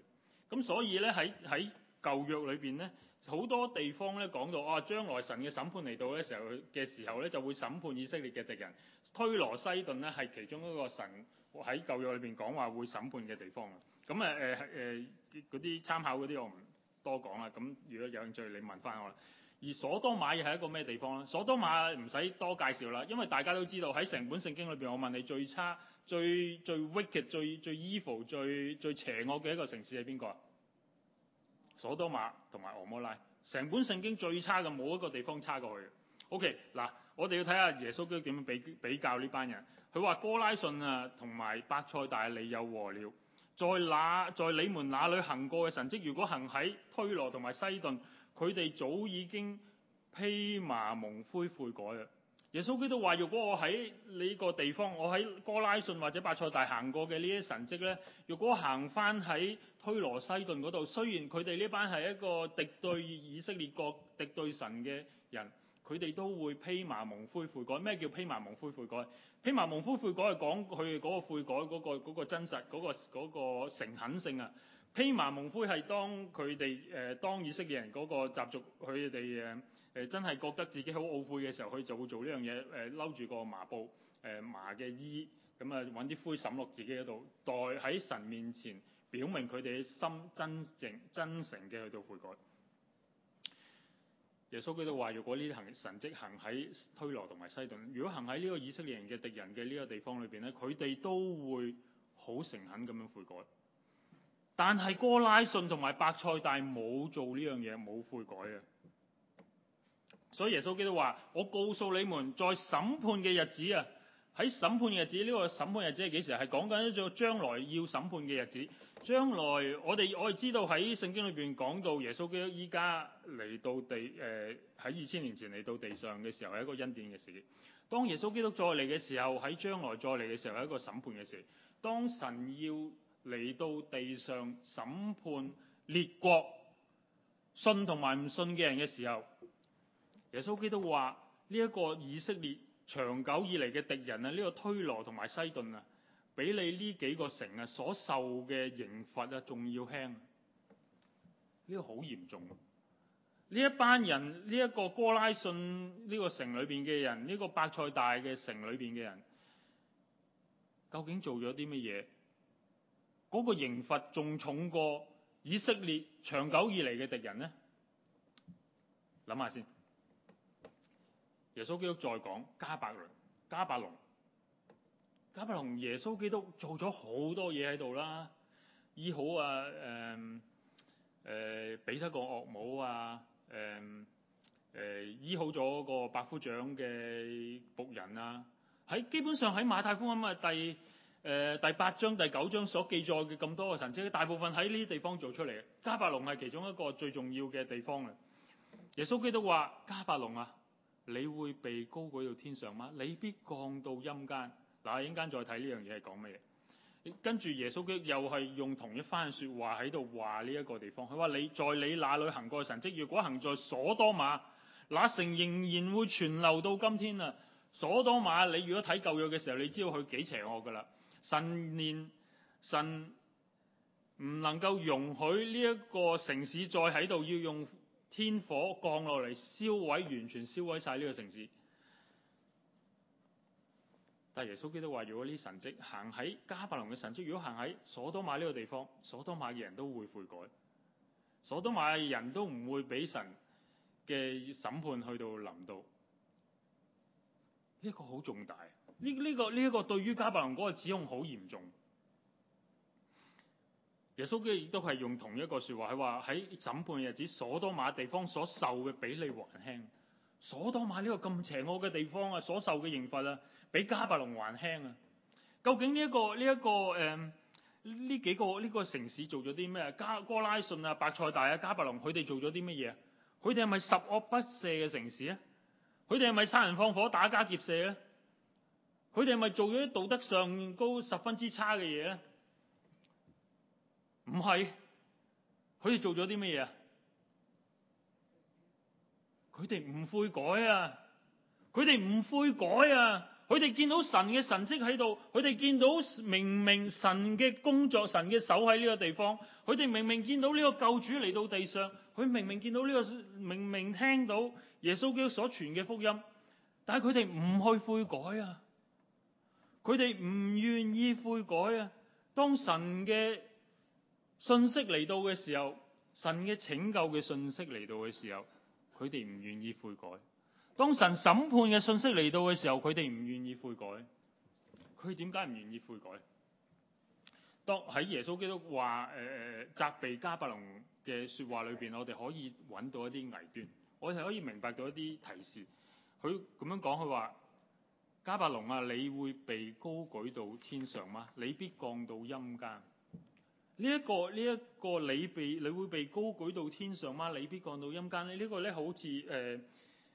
咁所以呢喺喺舊約裏邊呢，好多地方呢講到啊，將來神嘅審判嚟到嘅時候嘅時候呢，就會審判以色列嘅敵人。推羅西頓呢係其中一個神。我喺舊約裏邊講話會審判嘅地方啦，咁啊誒誒嗰啲參考嗰啲我唔多講啦，咁如果有興趣你問翻我。而所多瑪又係一個咩地方咧？所多瑪唔使多介紹啦，因為大家都知道喺成本聖經裏邊，我問你最差、最最 wicked、最最 evil、最最邪惡嘅一個城市係邊個啊？所多瑪同埋俄摩拉，成本聖經最差嘅冇一個地方差過去。O K 嗱。我哋要睇下耶穌基督點樣比比較呢班人。佢話哥拉汛啊，同埋伯賽大，你有禍了。在哪，在你們那裏行過嘅神蹟，如果行喺推羅同埋西頓，佢哋早已經披麻蒙灰悔改啦。耶穌基督話：如果我喺呢個地方，我喺哥拉汛或者伯賽大行過嘅呢啲神蹟呢，如果行翻喺推羅西頓嗰度，雖然佢哋呢班係一個敵對以色列國、敵對神嘅人。佢哋都會披麻蒙灰悔改。咩叫披麻蒙灰悔改？披麻蒙灰悔改係講佢嗰個悔改嗰、嗰個嗰個真實嗰、嗰個嗰、嗰個誠懇性啊。披麻蒙灰係當佢哋誒當以色列人嗰個習俗，佢哋誒誒真係覺得自己好懊悔嘅時候，佢就會做呢樣嘢誒，嬲、呃、住個麻布誒、呃、麻嘅衣，咁啊揾啲灰抌落自己嗰度，待喺神面前表明佢哋心真正真誠嘅去到悔改。耶穌基督話：如果呢啲行神跡行喺推羅同埋西頓，如果行喺呢個以色列人嘅敵人嘅呢個地方裏邊咧，佢哋都會好誠懇咁樣悔改。但係哥拉汛同埋伯賽大冇做呢樣嘢，冇悔改啊。所以耶穌基督話：我告訴你們，在審判嘅日子啊。喺審判日子，呢個審判日子係幾時？係講緊一個將來要審判嘅日子。將來我哋我哋知道喺聖經裏邊講到耶穌基督依家嚟到地，誒喺二千年前嚟到地上嘅時候係一個恩典嘅時期。當耶穌基督再嚟嘅時候，喺將來再嚟嘅時候係一個審判嘅時期。當神要嚟到地上審判列國，信同埋唔信嘅人嘅時候，耶穌基督話呢一個以色列。長久以嚟嘅敵人啊，呢、這個推羅同埋西頓啊，比你呢幾個城啊，所受嘅刑罰啊，仲要輕。呢個好嚴重。呢一班人，呢、這、一個哥拉汛呢個城裏邊嘅人，呢、這個伯賽大嘅城裏邊嘅人，究竟做咗啲乜嘢？嗰、那個刑罰仲重過以色列長久以嚟嘅敵人呢？諗下先。耶穌基督再講迦百農、迦百農、迦百農，耶穌基督做咗好多嘢，喺度啦，醫好啊誒誒，俾、呃、咗、呃、個岳母啊，誒、呃、誒、呃，醫好咗個百夫長嘅僕人啊，喺基本上喺馬太福音啊第誒、呃、第八章第九章所記載嘅咁多嘅神跡，大部分喺呢啲地方做出嚟。迦百農係其中一個最重要嘅地方嚟。耶穌基督話迦百農啊。你會被高舉到天上嗎？你必降到陰間。嗱，依家再睇呢樣嘢係講乜嘢？跟住耶穌佢又係用同一番説話喺度話呢一個地方。佢話你，在你那裏行過神蹟？如果行在所多瑪，那城仍然會存留到今天啊！所多瑪，你如果睇舊約嘅時候，你知道佢幾邪惡㗎喇。神念神唔能夠容許呢一個城市再喺度要用。天火降落嚟，燒毀完全燒毀晒呢個城市。但耶穌基督話，如果啲神蹟行喺迦百農嘅神蹟如果行喺所多瑪呢個地方，所多瑪嘅人都會悔改，所多瑪嘅人都唔會俾神嘅審判去到臨到。呢、呢個好重大，呢、呢、呢個呢一、呢個呢個對於迦百農個指控好嚴重。耶穌佢亦都係用同一個説話，佢話喺審判日子，所多瑪地方所受嘅比你還輕。所多瑪呢個咁邪惡嘅地方啊，所受嘅刑罰啊，比迦百農還輕啊。究竟呢、這、一個呢一、這個誒呢、呃、幾個呢、這個城市做咗啲咩啊？加哥拉汛啊、伯賽大啊、迦百農，佢哋做咗啲乜嘢啊？佢哋係咪十惡不赦嘅城市咧？佢哋係咪殺人放火、打家劫舍咧？佢哋係咪做咗啲道德上高十分之差嘅嘢咧？唔係，佢哋做咗啲乜嘢？佢哋唔悔改啊！佢哋唔悔改啊！佢哋見到神嘅神跡喺度，佢哋見到明明神嘅工作，神嘅手喺呢個地方，佢哋明明見到呢個救主嚟到地上，佢明明見到呢個，明明聽到耶穌基督所傳嘅福音，但係佢哋唔去悔改啊！佢哋唔願意悔改啊！當神嘅信息嚟到嘅時候，神嘅拯救嘅信息嚟到嘅時候，佢哋唔願意悔改。當神審判嘅信息嚟到嘅時候，佢哋唔願意悔改。佢點解唔願意悔改？當喺耶穌基督話誒責備迦百農嘅說話裏邊，我哋可以揾到一啲危端，我哋可以明白到一啲提示。佢咁樣講，佢話迦百農啊，你會被高舉到天上嗎？你必降到陰間。呢一、這個呢一、這個你被你會被高舉到天上嗎？你必降到陰間咧？呢、這個呢，好似誒、呃，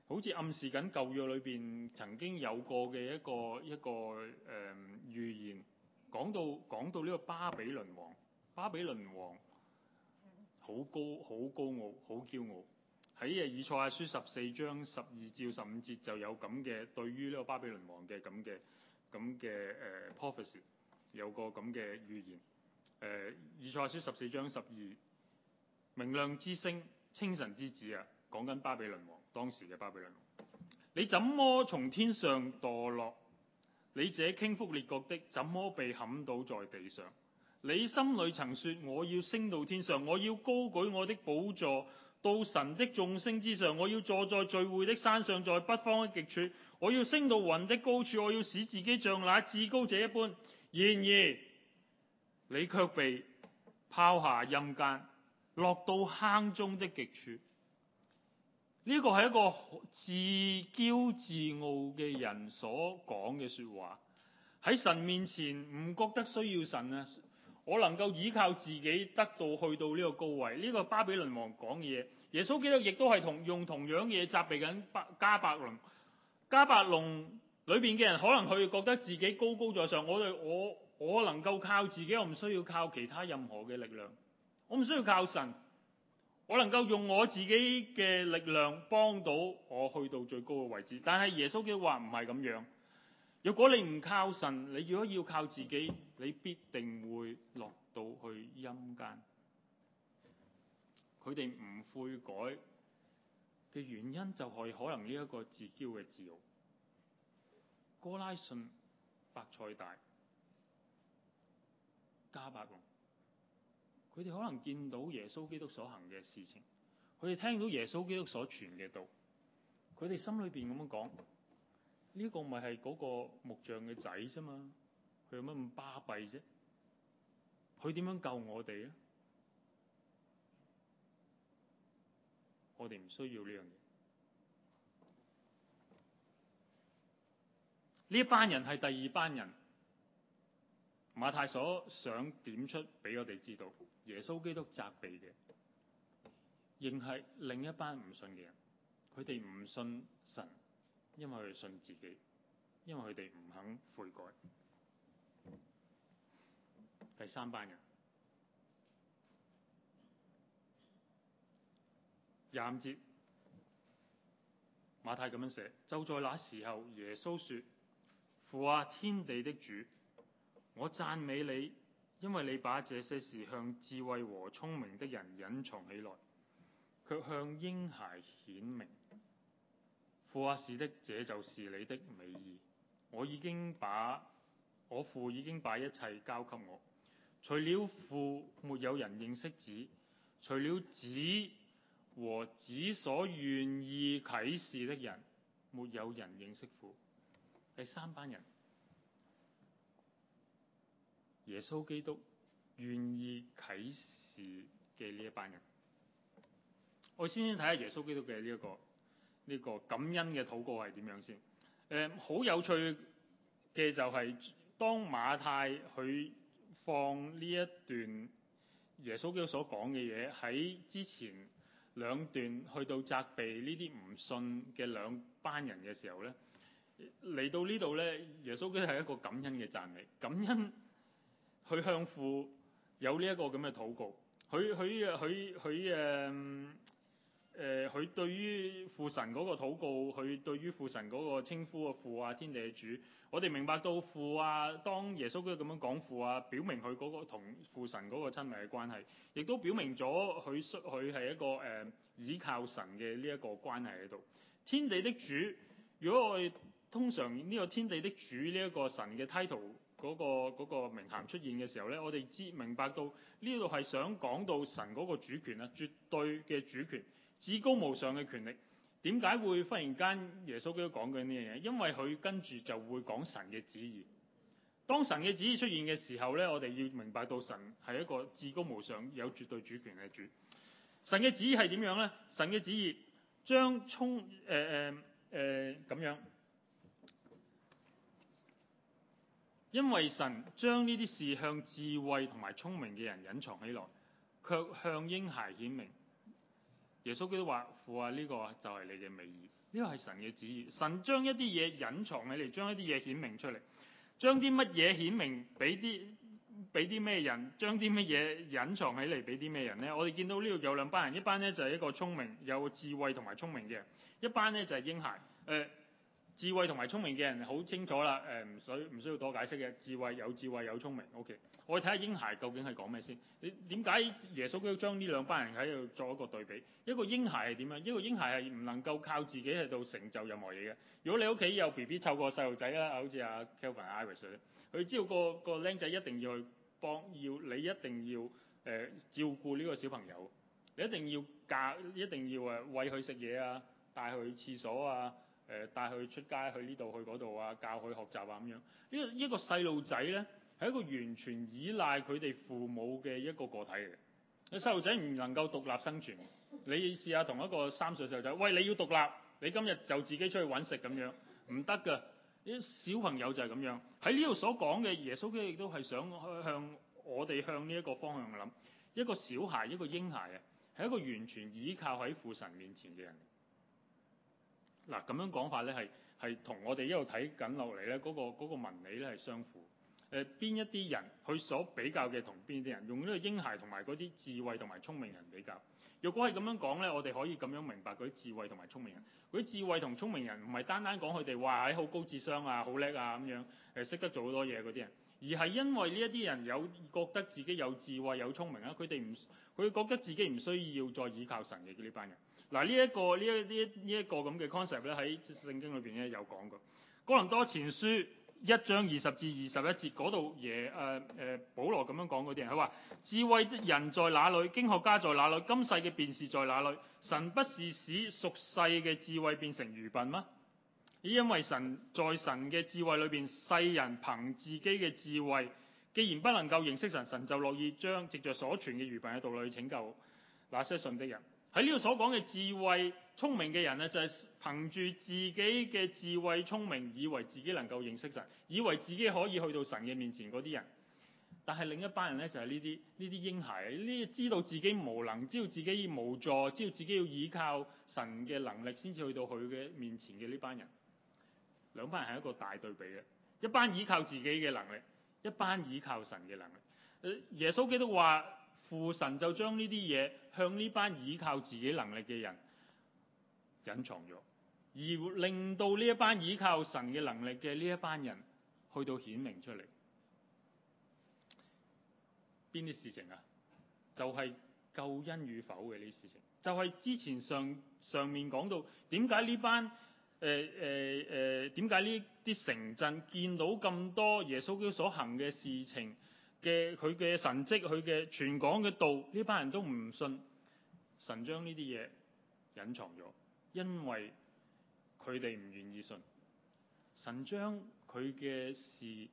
好似暗示緊舊約裏邊曾經有過嘅一個一個誒呃預言，講到講到呢個巴比倫王，巴比倫王好高好高傲好驕傲，喺誒以賽亞書十四章十二至十五節就有咁嘅對於呢個巴比倫王嘅咁嘅咁嘅誒 prophecy，有個咁嘅預言。誒以賽亞書十四章十二，明亮之星，清晨之子啊，講緊巴比倫王，當時嘅巴比倫王。 [MUSIC] 你怎麼從天上墮落？你這傾覆列國的，怎麼被砍倒在地上？你心裏曾説：我要升到天上，我要高舉我的寶座到神的眾星之上，我要坐在聚會的山上，在北方的極處。我要升到雲的高處，我要使自己像那至高者一般。然而你卻被拋下陰間，落到坑中的極處。呢個係一個自驕自傲嘅人所講嘅説話。喺神面前唔覺得需要神啊！我能夠依靠自己得到去到呢個高位。呢個巴比倫王講嘅嘢，耶穌基督亦都係同用同樣嘢責備緊巴迦百農。迦百農裏邊嘅人可能佢覺得自己高高在上，我哋我。我能夠靠自己，我唔需要靠其他任何嘅力量，我唔需要靠神，我能夠用我自己嘅力量幫到我去到最高嘅位置。但係耶穌嘅話唔係咁樣，如果你唔靠神，你如果要靠自己，你必定會落到去陰間。佢哋唔悔改嘅原因就係可能呢一個自驕嘅自傲。哥拉汛、伯賽大。迦百農，佢哋可能見到耶穌基督所行嘅事情，佢哋聽到耶穌基督所傳嘅道，佢哋心裏邊咁樣講，呢、這個咪係個木匠嘅仔啫嘛，佢有乜咁巴閉啫？佢點樣救我哋咧？我哋唔需要呢樣嘢。呢班人係第二班人。馬太所想點出俾我哋知道，耶穌基督責備嘅，仍係另一班唔信嘅人。佢哋唔信神，因為佢哋信自己，因為佢哋唔肯悔改。第三班人，廿五節，馬太咁樣寫：就在那時候，耶穌說：父啊，天地的主。我讚美你，因為你把這些事向智慧和聰明的人隱藏起來，卻向嬰孩顯明。父啊，是的，這就是你的美意。我已經把我父已經把一切交給我，除了父，沒有人認識子；除了子和子所願意啟示的人，沒有人認識父。第三班人。耶穌基督願意啟示嘅呢一班人，我先先睇下耶穌基督嘅呢一個呢、呢個感恩嘅禱告係點樣先。誒、呃，好有趣嘅就係、係、當馬太佢放呢一段耶穌基督所講嘅嘢喺之前兩段去到責備呢啲唔信嘅兩班人嘅時候咧，嚟到呢度咧，耶穌基督係一個感恩嘅讚美，感恩。佢向父有呢一個咁嘅禱告，佢佢佢佢誒誒，佢、嗯呃、對於父神嗰個禱告，佢對於父神嗰個稱呼嘅父啊，天地嘅主，我哋明白到父啊，當耶穌都咁樣講父啊，表明佢嗰個同父神嗰個親密嘅關係，亦都表明咗佢佢係一個誒、呃、倚靠神嘅呢一個關係喺度。天地的主，如果我哋。通常呢個天地的主，呢、這、一個神嘅 title 嗰、那個、那個名銜出現嘅時候呢，我哋知明白到呢度係想講到神嗰個主權啊，絕對嘅主權、至高無上嘅權力。點解會忽然間耶穌基督講緊呢樣嘢？因為佢跟住就會講神嘅旨意。當神嘅旨意出現嘅時候呢，我哋要明白到神係一個至高無上有絕對主權嘅主。神嘅旨意係點樣呢？神嘅旨意將沖誒誒咁樣。因為神將呢啲事向智慧同埋聰明嘅人隱藏起來，卻向嬰孩顯明。耶穌基督話：「父啊，呢個就係你嘅美意，呢個係神嘅旨意。神將一啲嘢隱藏起嚟，將一啲嘢顯明出嚟，將啲乜嘢顯明俾啲俾啲咩人，將啲乜嘢隱藏起嚟俾啲咩人呢？我哋見到呢度有兩班人，一班呢就係一個聰明有智慧同埋聰明嘅人，一班呢就係嬰孩。呃智慧同埋聰明嘅人好清楚啦，誒、呃、唔需唔需要多解釋嘅。智慧有智慧，有聰明。O.K. 我哋睇下嬰孩究竟係講咩先？你點解耶穌都要將呢兩班人喺度做一個對比？一個嬰孩係點啊？一個嬰孩係唔能夠靠自己喺度成就任何嘢嘅。如果你屋企有 B.B. 湊個細路仔啦，好似阿 Kelvin Iris，佢知道、嗰個、嗰個僆仔一定要去幫，要你一定要誒、呃、照顧呢個小朋友，你一定要教，一定要誒餵佢食嘢啊，帶佢去廁所啊。誒帶佢出街，去呢度去嗰度啊，教佢學習啊咁樣。呢一個細路仔呢，係一個完全依賴佢哋父母嘅一個個體嚟嘅。個細路仔唔能夠獨立生存。你試下同一個三歲細路仔，喂，你要獨立，你今日就自己出去揾食咁樣，唔得㗎。啲小朋友就係咁樣。喺呢度所講嘅耶穌基督亦都係想向我哋向呢一個方向諗。一個小孩，一個嬰孩啊，係一個完全依靠喺父神面前嘅人。嗱，咁樣講法咧，係係同我哋一路睇緊落嚟咧，嗰、嗰個嗰個文理咧係相符。誒、呃、邊一啲人，佢所比較嘅同邊啲人，用呢個嬰孩同埋嗰啲智慧同埋聰明人比較。若果係咁樣講咧，我哋可以咁樣明白嗰啲智慧同埋聰明人。嗰啲智慧同聰明人唔係單單講佢哋哇好高智商啊、好叻啊咁樣，誒、呃、識得做好多嘢嗰啲人，而係因為呢一啲人有覺得自己有智慧有聰明啊，佢哋唔佢覺得自己唔需要再倚靠神嘅呢班人。嗱呢一個呢一啲呢一個咁嘅 concept 咧喺聖經裏邊咧有講過，哥林多前書一章二十至二十一節度耶誒誒、呃呃、保羅咁樣講嗰啲人，佢話智慧人在哪裏，經學家在哪裏，今世嘅辯士在哪裏，神不是使屬世嘅智慧變成愚笨嗎？因為神在神嘅智慧裏邊，世人憑自己嘅智慧，既然不能夠認識神，神就樂意將藉着所傳嘅愚笨嘅道理去拯救那些信的人。喺呢度所講嘅智慧聰明嘅人呢，就係憑住自己嘅智慧聰明，以為自己能夠認識神，以為自己可以去到神嘅面前嗰啲人。但係另一班人呢，就係呢啲呢啲嬰孩，呢知道自己無能，知道自己無助，知道自己要依靠神嘅能力先至去到佢嘅面前嘅呢班人。兩班人係一個大對比嘅，一班依靠自己嘅能力，一班依靠神嘅能力。耶穌基督話。父神就將呢啲嘢向呢班倚靠自己能力嘅人隱藏咗，而令到呢一班倚靠神嘅能力嘅呢一班人去到顯明出嚟，邊啲事情啊？就係救恩與否嘅呢啲事情，就係之前上上面講到，點解呢班誒誒誒，點解呢啲城鎮見到咁多耶穌基督所行嘅事情？嘅佢嘅神蹟，佢嘅全港嘅道，呢班人都唔信，神將呢啲嘢隱藏咗，因為佢哋唔願意信。神將佢嘅事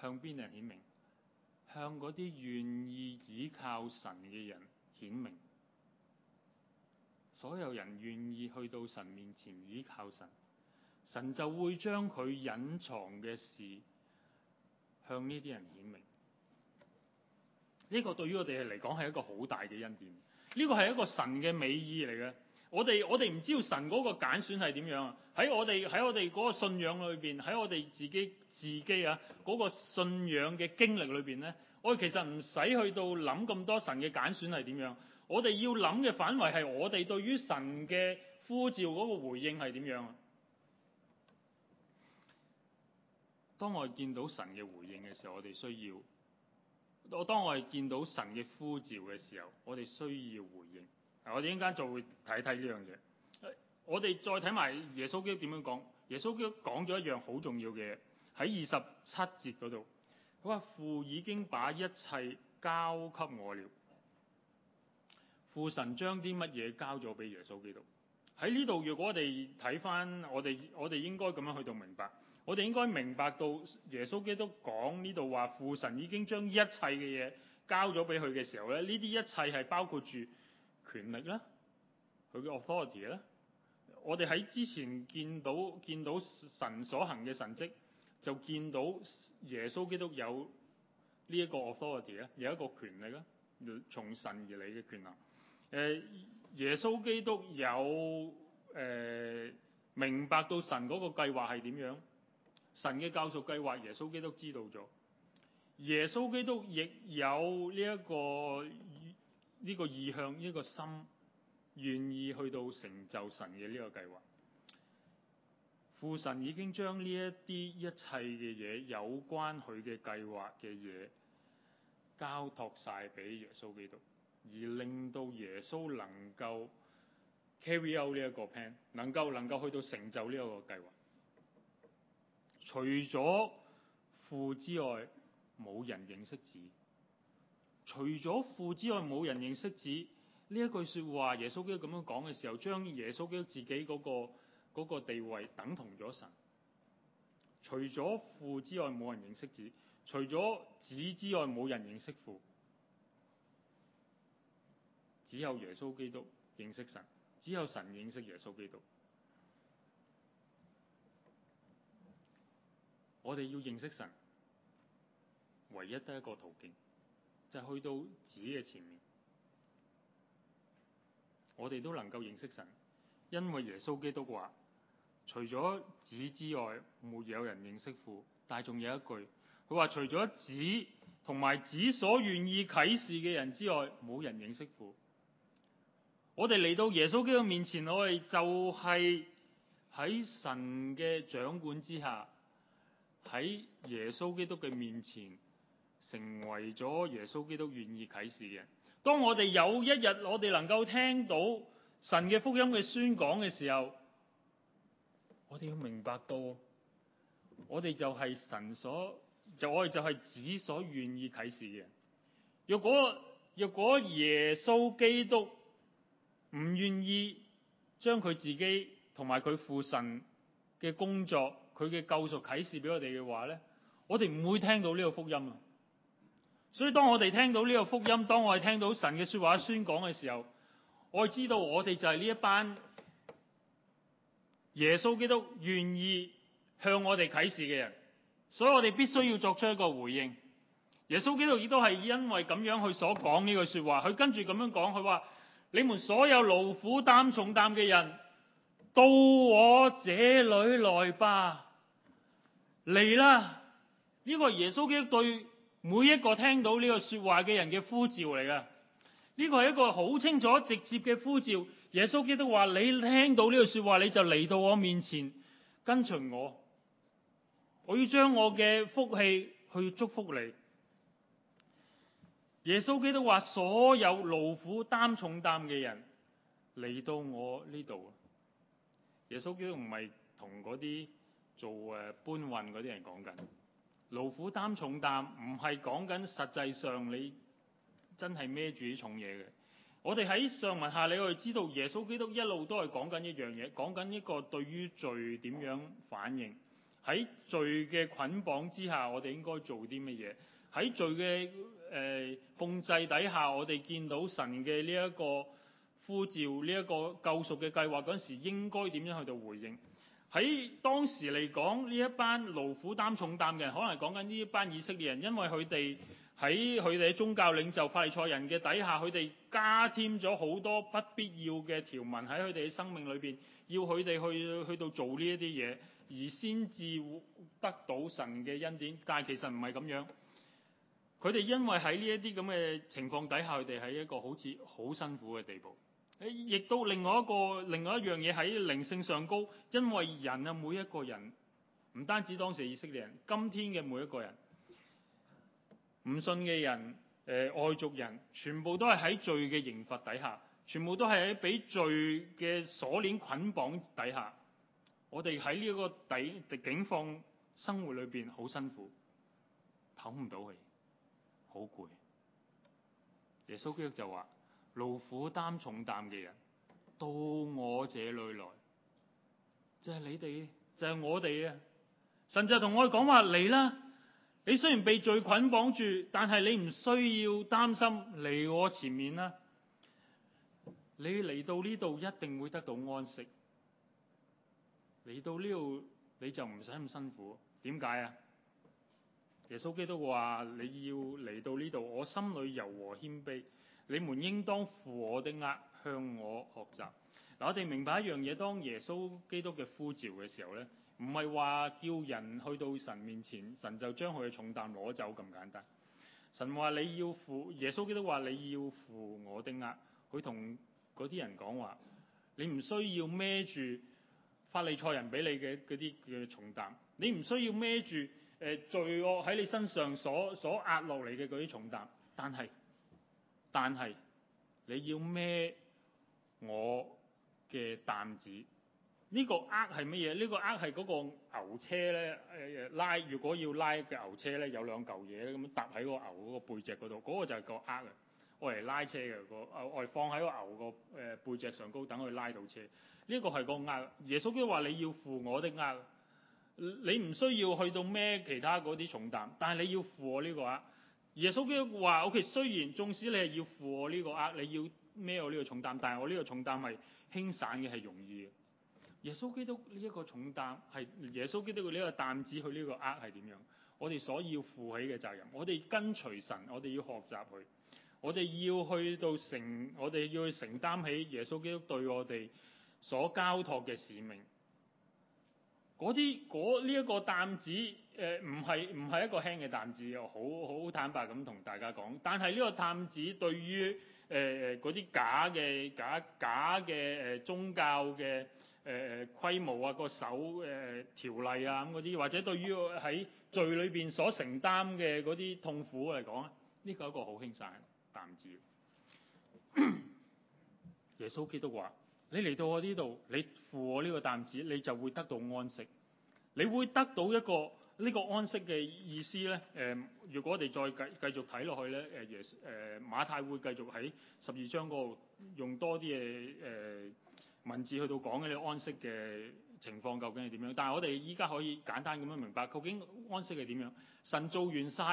向邊人顯明？向嗰啲願意倚靠神嘅人顯明。所有人願意去到神面前倚靠神，神就會將佢隱藏嘅事向呢啲人顯明。呢個對於我哋嚟講係一個好大嘅恩典，呢個係一個神嘅美意嚟嘅。我哋我哋唔知道神嗰個揀選係點樣啊？喺我哋喺我哋嗰個信仰裏邊，喺我哋自己自己啊嗰個信仰嘅經歷裏邊咧，我哋其實唔使去到諗咁多神嘅揀選係點樣。我哋要諗嘅反為係我哋對於神嘅呼召嗰個回應係點樣啊？當我見到神嘅回應嘅時候，我哋需要。我當我哋見到神嘅呼召嘅時候，我哋需要回應。我哋一陣間就會睇睇呢樣嘢。我哋再睇埋耶穌基督點樣講。耶穌基督講咗一樣好重要嘅嘢，喺二十七節嗰度。佢話，父已經把一切交給我了。父神將啲乜嘢交咗俾耶穌基督？喺呢度，如果我哋睇翻，我哋我哋應該咁樣去到明白。我哋應該明白到耶穌基督講呢度話父神已經將一切嘅嘢交咗俾佢嘅時候咧，呢啲一切係包括住權力啦，佢嘅 authority 啦。我哋喺之前見到見到神所行嘅神蹟，就見到耶穌基督有呢一個 authority 啦，有一個權力啦，從神而嚟嘅權能。耶穌基督有、呃、明白到神嗰個計劃係點樣？神嘅救贖計劃，耶穌基督知道咗。耶穌基督亦有呢一個呢個意向，呢個心願意去到成就神嘅呢個計劃。父神已經將呢一啲一切嘅嘢，有關佢嘅計劃嘅嘢，交託晒俾耶穌基督，而令到耶穌能夠 carry out 呢一個 plan，能夠能夠去到成就呢一個計劃。除咗父之外，冇人認識子；除咗父之外，冇人認識子。呢一句說話，耶穌基督咁樣講嘅時候，將耶穌基督自己嗰個嗰個地位等同咗神。除咗父之外，冇人認識子；除咗子之外，冇人認識父。只有耶穌基督認識神，只有神認識耶穌基督。我哋要認識神，唯一得一個途徑，就係、是、去到子嘅前面。我哋都能夠認識神，因為耶穌基督話：除咗子之外，沒有人認識父。但係仲有一句，佢話：除咗子同埋子所願意啟示嘅人之外，冇人認識父。我哋嚟到耶穌基督面前，我哋就係喺神嘅掌管之下。喺耶穌基督嘅面前，成為咗耶穌基督願意啟示嘅。當我哋有一日我哋能夠聽到神嘅福音嘅宣講嘅時候，我哋要明白到，我哋就係神所我就我哋就係子所願意啟示嘅。若果若果耶穌基督唔願意將佢自己同埋佢父神嘅工作。佢嘅救贖啟示俾我哋嘅話咧，我哋唔會聽到呢個福音啊！所以當我哋聽到呢個福音，當我哋聽到神嘅說話宣講嘅時候，我知道我哋就係呢一班耶穌基督願意向我哋啟示嘅人，所以我哋必須要作出一個回應。耶穌基督亦都係因為咁樣去所講呢句說話，佢跟住咁樣講，佢話：你們所有勞苦擔重擔嘅人。到我這裏來吧，嚟啦！呢個耶穌基督對每一個聽到呢個說話嘅人嘅呼召嚟噶。呢個係一個好清楚、直接嘅呼召。耶穌基督話：你聽到呢個說話，你就嚟到我面前跟隨我。我要將我嘅福氣去祝福你。耶穌基督話：所有勞苦擔重擔嘅人嚟到我呢度。耶穌基督唔係同嗰啲做誒搬運嗰啲人講緊，勞苦擔重擔，唔係講緊實際上你真係孭住啲重嘢嘅。我哋喺上文下理，我哋知道耶穌基督一路都係講緊一樣嘢，講緊一個對於罪點樣反應。喺罪嘅捆綁之下，我哋應該做啲乜嘢？喺罪嘅誒控制底下，我哋見到神嘅呢一個呼召呢一個救贖嘅計劃嗰陣時，應該點樣去到回應？喺當時嚟講，呢一班勞苦擔重擔嘅人，可能係講緊呢一班以色列人，因為佢哋喺佢哋嘅宗教領袖法利賽人嘅底下，佢哋加添咗好多不必要嘅條文喺佢哋嘅生命裏邊，要佢哋去去到做呢一啲嘢，而先至得到神嘅恩典。但係其實唔係咁樣，佢哋因為喺呢一啲咁嘅情況底下，佢哋喺一個好似好辛苦嘅地步。亦都另外一個，另外一樣嘢，喺靈性上高，因為人啊，每一個人唔單止當時以色列人，今天嘅每一個人，唔信嘅人、誒、呃、外族人，全部都係喺罪嘅刑罰底下，全部都係喺俾罪嘅鎖鏈捆綁底下。我哋喺呢一個底境況生活裏邊好辛苦，唞唔到氣，好攰。耶穌基督就話。勞苦擔重擔嘅人到我這裏來，就係、是、你哋，就係、是、我哋啊！甚至同我哋講話嚟啦，你雖然被罪捆綁住，但係你唔需要擔心，嚟我前面啦、啊。你嚟到呢度一定會得到安息。嚟到呢度你就唔使咁辛苦，點解啊？耶穌基督話：你要嚟到呢度，我心裏柔和謙卑。你們應當負我的軛，向我學習。嗱，我哋明白一樣嘢，當耶穌基督嘅呼召嘅時候呢，唔係話叫人去到神面前，神就將佢嘅重擔攞走咁簡單。神話你要負，耶穌基督話你要負我的軛。佢同嗰啲人講話，你唔需要孭住法利賽人俾你嘅嗰啲嘅重擔，你唔需要孭住罪惡喺你身上所所壓落嚟嘅嗰啲重擔，但係。但係你要孭我嘅擔子，呢、這個軛係乜嘢？呢、這個軛係嗰個牛車咧誒、呃、拉，如果要拉嘅牛車咧有兩嚿嘢咧咁搭喺個牛嗰個背脊嗰度，嗰、那個就係個軛啊，我嚟拉車嘅我外放喺個牛個誒、呃、背脊上高等佢拉到車，呢、這個係個軛。耶穌基督話你要負我的軛，你唔需要去到孭其他嗰啲重擔，但係你要負我呢個軛。耶穌基督話：OK，雖然縱使你係要負我呢個軛，你要孭我呢個重擔，但係我呢個重擔係輕省嘅，係容易嘅。耶穌基督呢一個重擔，係耶穌基督呢個擔子，佢呢個軛係點樣？我哋所要負起嘅責任，我哋跟隨神，我哋要學習佢，我哋要去到承，我哋要去承擔起耶穌基督對我哋所交託嘅使命。嗰啲嗰呢一個擔子。誒，唔係唔係一個輕嘅擔子，好好坦白咁同大家講。但係呢個擔子對於誒誒嗰啲假嘅假假嘅誒、呃、宗教嘅誒誒規模啊，個守誒、呃、條例啊咁嗰啲，或者對於喺罪裏邊所承擔嘅嗰啲痛苦嚟講，呢個係一個好輕省嘅擔子。 [COUGHS] 耶穌基督話：你嚟到我呢度，你負我呢個擔子，你就會得到安息，你會得到一個。呢個安息嘅意思呢，誒，如果我哋再繼繼續睇落去呢，誒，耶馬太會繼續喺十二章嗰度用多啲嘅誒文字去到講嘅你安息嘅情況究竟係點樣？但係我哋依家可以簡單咁樣明白，究竟安息係點樣？神做完晒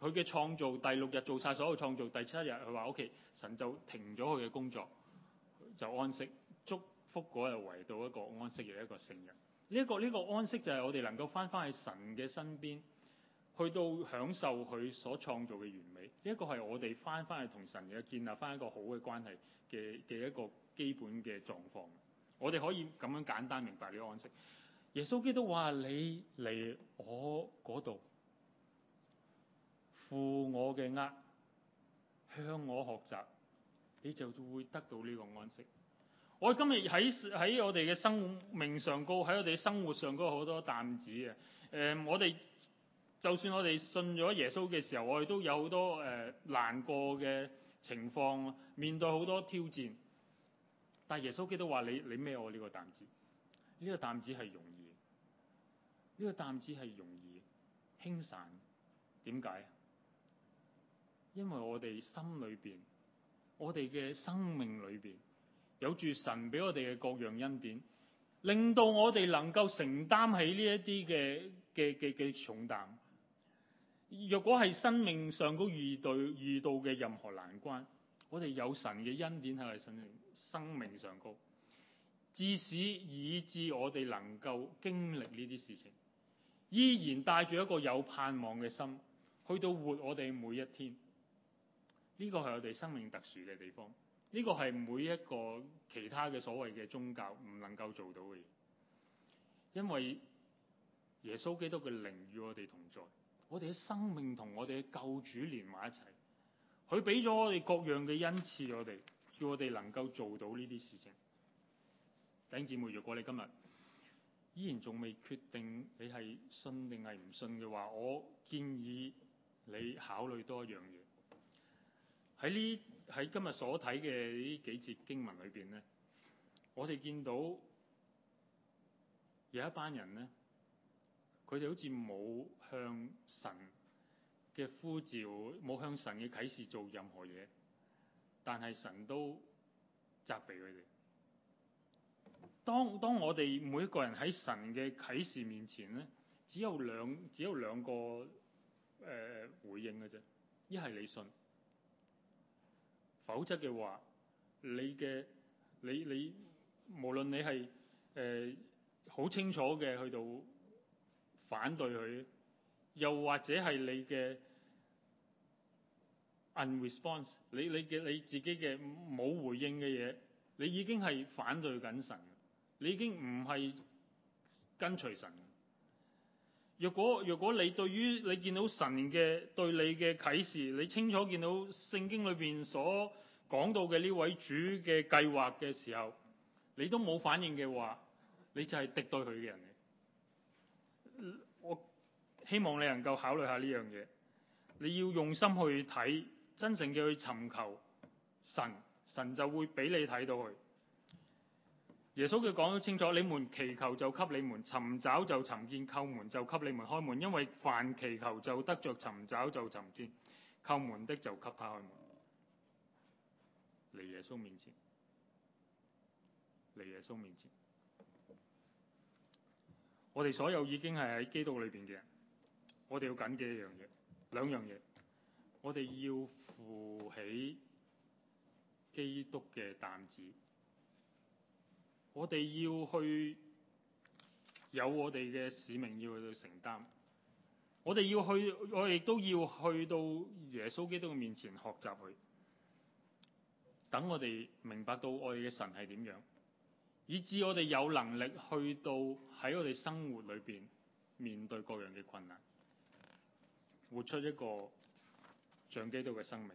佢嘅創造，第六日做晒所有創造，第七日佢話：「OK，神就停咗佢嘅工作，就安息，祝福嗰日為到一個安息嘅一個聖日。呢一個呢個安息就係我哋能夠翻翻去神嘅身邊，去到享受佢所創造嘅完美。呢一個係我哋翻翻去同神嘅建立翻一個好嘅關係嘅嘅一個基本嘅狀況。我哋可以咁樣簡單明白呢個安息。耶穌基督話：你嚟我嗰度，負我嘅軛，向我學習，你就會得到呢個安息。我今日喺喺我哋嘅生命上高，喺我哋生活上高好多擔子啊。誒、嗯，我哋就算我哋信咗耶穌嘅時候，我哋都有好多誒、呃、難過嘅情況，面對好多挑戰，但係耶穌基督話：「你你孭我呢個擔子，呢、這個擔子係容易，呢、這個擔子係容易輕省。點解？因為我哋心裏邊，我哋嘅生命裏邊。有住神俾我哋嘅各樣恩典，令到我哋能夠承擔起呢一啲嘅嘅嘅嘅重擔。若果係生命上高遇到遇到嘅任何難關，我哋有神嘅恩典係我哋生命上高，致使以致我哋能夠經歷呢啲事情，依然帶住一個有盼望嘅心去到活我哋每一天。呢、呢個係我哋生命特殊嘅地方。呢個係每一個其他嘅所謂嘅宗教唔能夠做到嘅嘢，因為耶穌基督嘅靈與我哋同在，我哋嘅生命同我哋嘅救主連埋一齊，佢俾咗我哋各樣嘅恩賜我哋，叫我哋能夠做到呢啲事情。弟兄姊妹，如果你今日依然仲未決定你係信定係唔信嘅話，我建議你考慮多一樣嘢喺呢。喺今日所睇嘅呢幾節經文裏邊咧，我哋見到有一班人咧，佢哋好似冇向神嘅呼召，冇向神嘅啟示做任何嘢，但係神都責備佢哋。當當我哋每一個人喺神嘅啟示面前咧，只有兩只有兩個誒、呃、回應嘅啫，一係你信。否則嘅話，你嘅你你，你無論你係誒好清楚嘅去到反對佢，又或者係你嘅 unresponse，你你嘅你自己嘅冇回應嘅嘢，你已經係反對緊神，你已經唔係跟隨神。如果如果你對於你見到神嘅對你嘅啟示，你清楚見到聖經裏邊所講到嘅呢位主嘅計劃嘅時候，你都冇反應嘅話，你就係敵對佢嘅人。我希望你能夠考慮下呢樣嘢，你要用心去睇，真誠嘅去尋求神，神就會俾你睇到佢。耶穌佢講得清楚，你們祈求就給你們，尋找就尋見，叩門就給你們開門，因為凡祈求就得着，尋找就尋見，叩門的就給他開門。嚟耶穌面前，嚟耶穌面前，我哋所有已經係喺基督裏邊嘅人，我哋要緊記一樣嘢，兩樣嘢，我哋要負起基督嘅擔子。我哋要去有我哋嘅使命要去承擔，我哋要去，我亦都要去到耶穌基督面前學習佢，等我哋明白到我哋嘅神係點樣，以至我哋有能力去到喺我哋生活裏邊面面對各樣嘅困難，活出一個像基督嘅生命，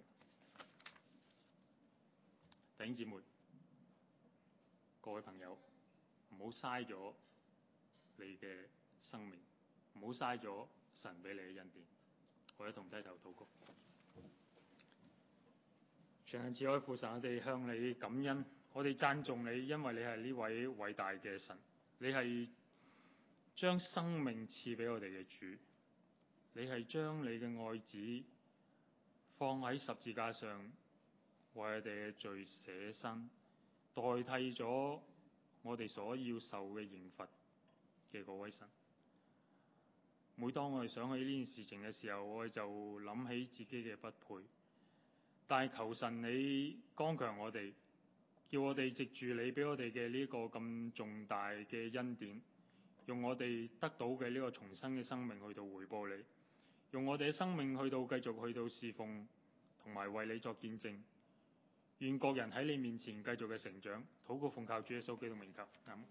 弟兄姊妹。各位朋友，唔好嘥咗你嘅生命，唔好嘥咗神俾你嘅恩典。我哋一同低頭禱告，全能至愛父神，我哋向你感恩，我哋讚頌你，因為你係呢位偉大嘅神，你係將生命賜俾我哋嘅主，你係將你嘅愛子放喺十字架上為我哋嘅罪捨身。代替咗我哋所要受嘅刑罰嘅嗰位神。每當我哋想起呢件事情嘅時候，我哋就諗起自己嘅不配。但係求神你剛強我哋，叫我哋藉住你俾我哋嘅呢個咁重大嘅恩典，用我哋得到嘅呢個重生嘅生命去到回報你，用我哋嘅生命去到繼續去到侍奉同埋為你作見證。願各人喺你面前繼續嘅成長，禱告奉靠主嘅手機同名冊咁。嗯。